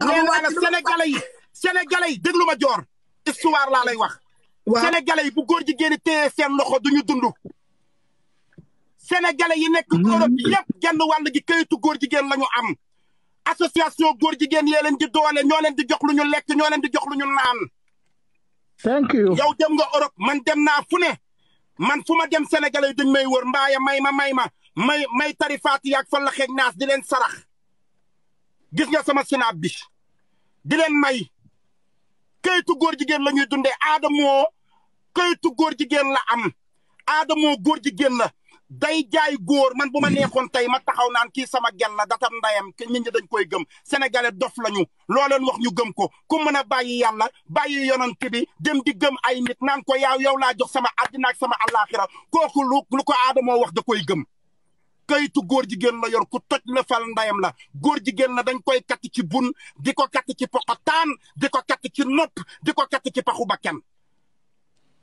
nee naa la sénégalais yi sénégalais yi déglu ma joor histoire laa lay wax. waaw sénégalais yi bu góor jigéen ñi téye seen loxo du ñu dund. sénégalais yi nekk mm-hmm. Europe yëpp genn wàll gi këyitu góor jigéen la ñu am. association góor jigéen yee leen di doole ñoo leen di jox lu ñu lekk ñoo leen di jox lu ñu naan. thank dem nga Europe man dem naa fu ne. man fu ma dem sénégalais yi duñ may wër mbaaya may ma may ma may may tarifaat yaag fan la xeeg naas di leen sarax. gis nga sama sinaab bi di leen may kayitu góor jigéen la ñuy dundee aadamoo kayitu góor jigéen la am aadamoo góor jigéen la day jaay góor man bu ma neexoon tey ma taxaw naan kii sama gel la datam ndayam nit ñi dañ koy gëm sénégalais dof lañu loo leen wax ñu gëm ko ku mën a bàyyi yàlla bàyyi yonent bi dem di gëm ay nit naan ko yaaw yow laa jox sama àddina ak sama àllaaxira kooku lu lu ko aadamoo wax da koy gëm kayitu góor jigéen la yor ku toj la fal ndayam la góor jigéen la dañ koy katt ci bun di ko katt ci poqotaan di ko katt ci nopp di ko katt ci paxu bakkan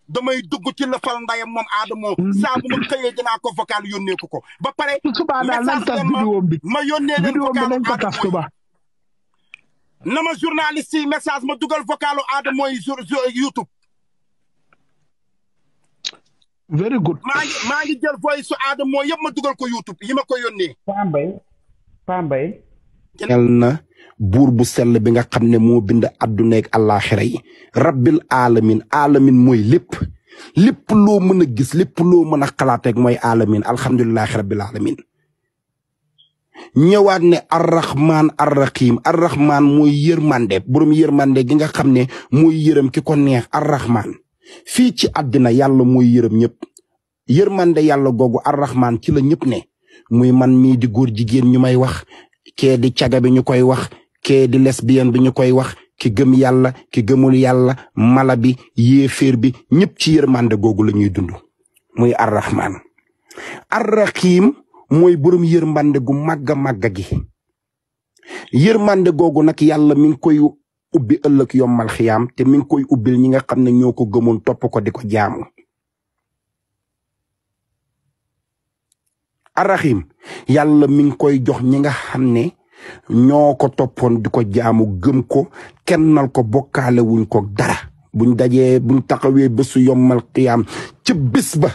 damay dugg ci la fal ndayam moom aadamoo mm-hmm. saa bu ma xëyee dinaa ko vocal yónnee ko ko ba pare subaa daal nañ tas ma yónnee leen vocal nañ ko na ma journaliste yi message ma dugal vocalu aadamooy YouTube very good. maa ngi jël voice su aadama moo yëpp ma dugal ko YouTube yi ma ko yónnee. Pambay Pambay. ñel na buur bu sell bi nga xam ne moo bind àdduna ak àllaaxira yi rabbil alamin alamin mooy lépp lépp loo mën a gis lépp loo mën a xalaateeg mooy alamin alhamdulilahi rabbil alamin ñëwaat ne arrahman arrahim arrahman mooy yërmande borom yërmande gi nga xam ne mooy yërëm ki ko neex arrahman fii ci addina yàlla mooy yërëm ñëpp yërmande yàlla googu arraxmaan ci la ñëpp ne muy man mii di góor jigéen ñu may wax kee di caga bi ñu koy wax kee di lesbienne bi ñu koy wax ki gëm yàlla ki gëmul yàlla mala bi yéeféer bi ñëpp ci yërmande googu lañuy dund muy arraxmaan arraxiim mooy borom yërmande gu màgg a màgg gi yërmande googu nag yàlla mi koy ubbi ëllëg yommal xiyaam te mi koy ubbil ñi nga xam ne ñoo ko gëmoon topp ko di ko jaamu arraxim yàlla mi ngi koy jox ñi nga xam ne ñoo ko toppoon di ko jaamu gëm ko kennal ko bokkaale wuñ ko dara buñ dajee buñ taxawee bésu yommal xiyaam ci bés ba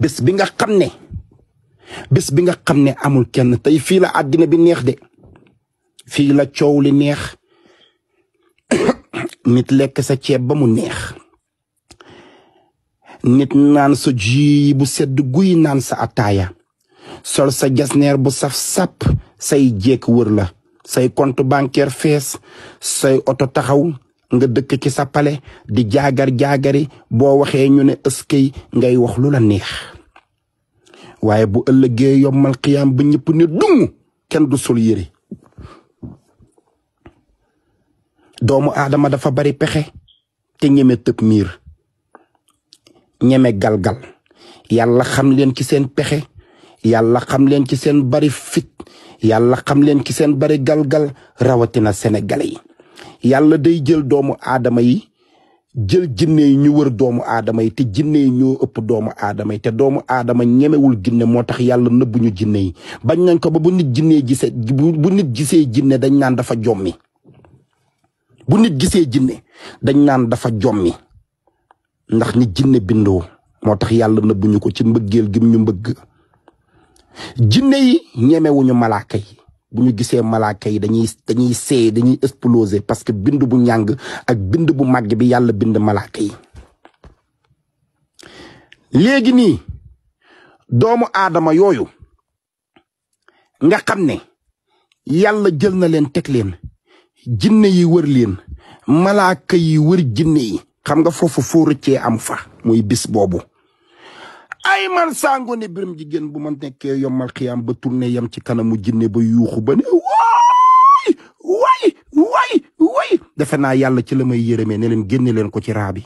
bés bi nga xam ne bés bi nga xam ne amul kenn tey fii la àddina bi neex de fii la coow li neex nit lekk sa ceeb ba mu neex nit naan sa ji bu sedd guy naan sa ataaya sol sa jasneer bu saf sàpp say jékk wër la say compte bancaire fees say oto taxaw nga dëkk ci sa pale di jaagar jaagari boo waxee ñu ne ëskey ngay wax lu la neex waaye bu ëllëgee yombal xiyaam ba ñëpp ne dung kenn du sol yëre doomu aadama dafa bari pexe te ñeme tëb miir ñeme galgal yàlla xam leen ci seen pexe yàlla xam leen ci seen bari fit yàlla xam leen ci seen bari galgal rawatina sénégalais yi yàlla day jël doomu aadama yi jël jinne yi ñu wër doomu aadama yi te jinne yi ñoo ëpp doomu aadama yi te doomu aadama ñemewul ginne moo tax yàlla nëbbuñu jinne yi bañ nañ ko ba bu nit jinne gisee bu nit gisee jinne dañ naan dafa jommi bu nit gisee jinne dañ naan dafa jommi ndax ni jinne bindoo moo tax yàlla nëbbu ñu ko ci mbëggeel gim ñu mbëgg jinne yi ñemewuñu malaaka yi bu ñu gisee malaaka yi dañuy dañuy seey dañuy exploser parce que bind bu ñàng ak bindu bu magg bi yàlla bind malaaka yi léegi nii doomu aadama yooyu nga xam ne yàlla jël na leen teg leen jinne yi wër leen malaaka yi wër jinne yi xam nga foofu foo rëccee am fa muy bis boobu ay man sàngo ne biram jigéen bu ma nekkee yomal xiyaam ba tourné yam ci kanamu jinne ba yuuxu ba ne waay waay waay waay naa yàlla ci la may yërëmee ne leen génne leen ko ci raa bi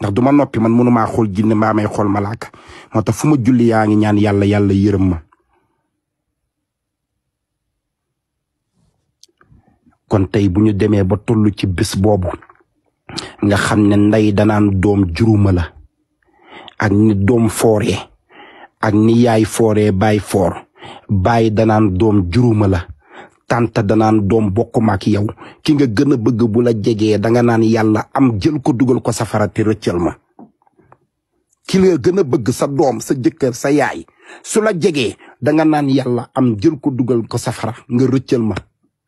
ndax du ma noppi man mënumaa xool jinne maa may xool malaaka moo tax fu ma julli yaa ngi ñaan yàlla yàlla yërëm ma kon tey bu ñu demee ba toll ci bés boobu nga xam ne ndey danaan doom juruma la ak ni doom fooree ak ni yaay fooree baay foor baay danaan doom juruma la tànta danaan doom bokkuma ak yow ki nga gën a bëgg bu la jegee danga naan yàlla am jël ko dugal ko safara te rëccal ma ki nga gën a bëgg sa doom sa jëkkër sa yaay su la jegee danga naan yàlla am jël ko dugal ko safara nga rëccël ma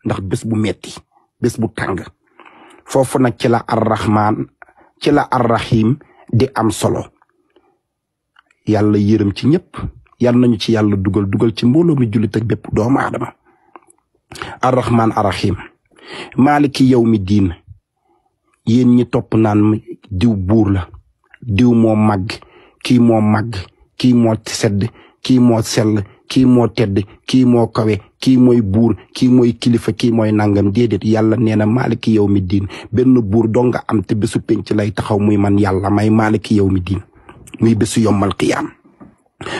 ndax bés bu metti bés bu tàng foofu nag ci la arrahman di am solo yàlla yërëm ci ñëpp yàlla nañu ci yàlla dugal dugal ci mbooloo mi jullit ak bépp doomu aadama arrahman arrahim ki yow mi diin yéen ñi topp naan diw buur la diw moo màgg kii moo màgg kii moo sedd kii moo sell kii moo tedd kii moo kawe kii mooy buur kii mooy kilifa kii mooy nangam déedéet yàlla nee na maaliki mi diin benn buur doo nga am te bésu penc lay taxaw muy man yàlla may maaliki yow mi diin muy bésu yombal qiyaam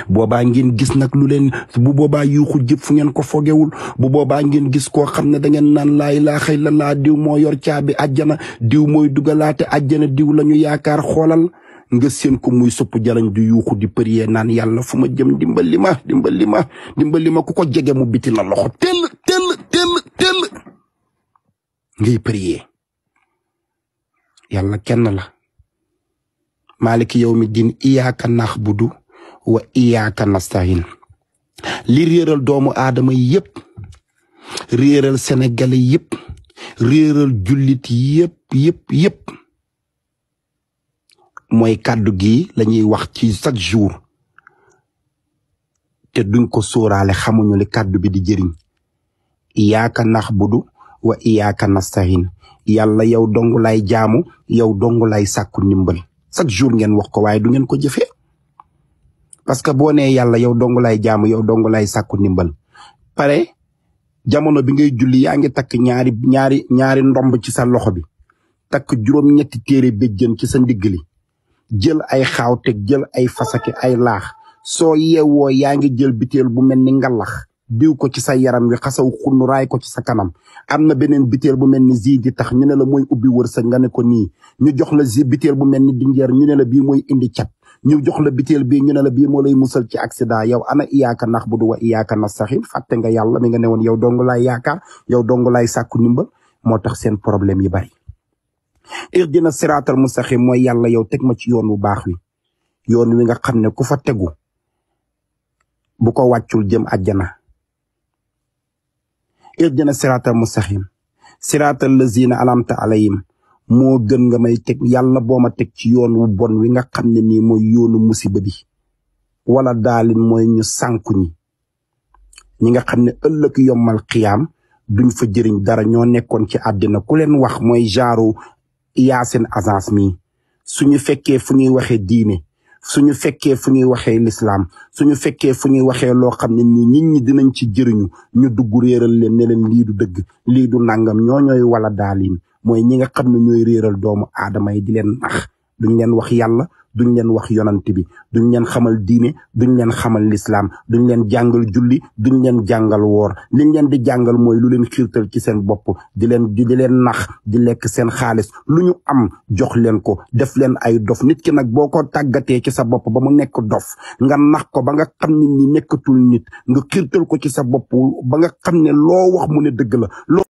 boobaa ngeen gis nag lu leen bu boobaa yuuxu jëpp fu ngeen ko fogewul bu boobaa ngeen gis koo xam ne da ngeen naan laa ilaaha illallaah diw moo yor caabi àjjana diw moy mooy dugalaate àjjana diw lañu ñu xoolal nga seen ko muy supp jalañ di yuuxu di prier nan yalla fuma jëm dimbali ma dimbali ma dimbali ma ku ko mu biti la loxo tel tel tel tel ngay prier yalla kenn la maliki yawmi din iyyaka wa iyyaka nasta'in li réeral doomu aadama yépp réeral sénégalais yépp réeral jullit yépp yépp yépp mooy kàddu gi lañuy wax ci chaque jour te duñ ko sóoraale xamuñu li kàddu bi di jëriñ iyaaka nax wa iyaaka nastahin yàlla yow dong lay jaamu yow dong lay sàkku ndimbal chaque jour ngeen wax ko waaye du ngeen ko jëfee parce que boo nee yàlla yow dong lay jaamu yow lay pare jamono bi ngay julli tak nyari nyari ñaari ñaari ñaari ndomb ci sa loxo bi takk juróom ñetti ci sa jël ay xaawteg jël ay fasaki ay laax soo yeewoo yaa ngi jël biteel bu mel ni ngalax diw ko ci sa yaram wi xasaw xunnu raay ko ci sa kanam am na beneen biteel bu mel ni zi di tax ñu ne la mooy ubbi wërsëg nga ne ko nii ñu jox la zi biteel bu mel ni dinjeer ñu ne la bii mooy indi cat ñu jox la biteel bii ñu ne la bii moo lay musal ci accident yow ana iyaaka nax bu du wa iyaaka na saxin fàtte nga yàlla mi nga ne woon yow dong laay yaakaar yow dong laay sàkku ndimbal moo tax seen problème yi bari ihdina siraatal mustaqim mooy yàlla yow teg ma ci yoon wu baax wi yoon wi nga xam ne ku fa tegu bu ko wàccul jëm àjjana ihdina siraatal mustaqim siraatal lazina anamta alayhim moo gën nga may teg yàlla boo ma teg ci yoon wu bon wi nga xam ne nii mooy yoonu musiba bi wala daalin mooy ñu sànku ñi ñi nga xam ne ëllëg yombal xiyaam duñ fa jëriñ dara ñoo nekkoon ci àddina ku leen wax mooy jaaru yaa seen agence mi suñu fekkee fu ñuy waxee diine ñu fekkee fu ñuy waxee lislaam su ñu fekkee fu ñuy waxee loo xam ne nii nit ñi dinañ ci jëriñu ñu dugg réeral leen ne leen lii du dëgg lii du nangam ñoo ñooy wala daalin mooy ñi nga xam ne ñooy réeral doomu aadama yi di leen nax duñ leen wax yàlla duñ leen wax yonant bi duñ leen xamal diine duñ leen xamal lislaam duñ leen jàngal julli duñ leen jàngal woor liñ leen di jàngal mooy lu leen xiirtal ci seen bopp di leen di leen nax di lekk seen xaalis lu ñu am jox leen ko def leen ay dof nit ki nag boo ko tàggatee ci sa bopp ba mu nekk dof nga nax ko ba nga xam ne ni nekkatul nit nga xiirtal ko ci sa bopp ba nga xam ne loo wax mu ne dëgg la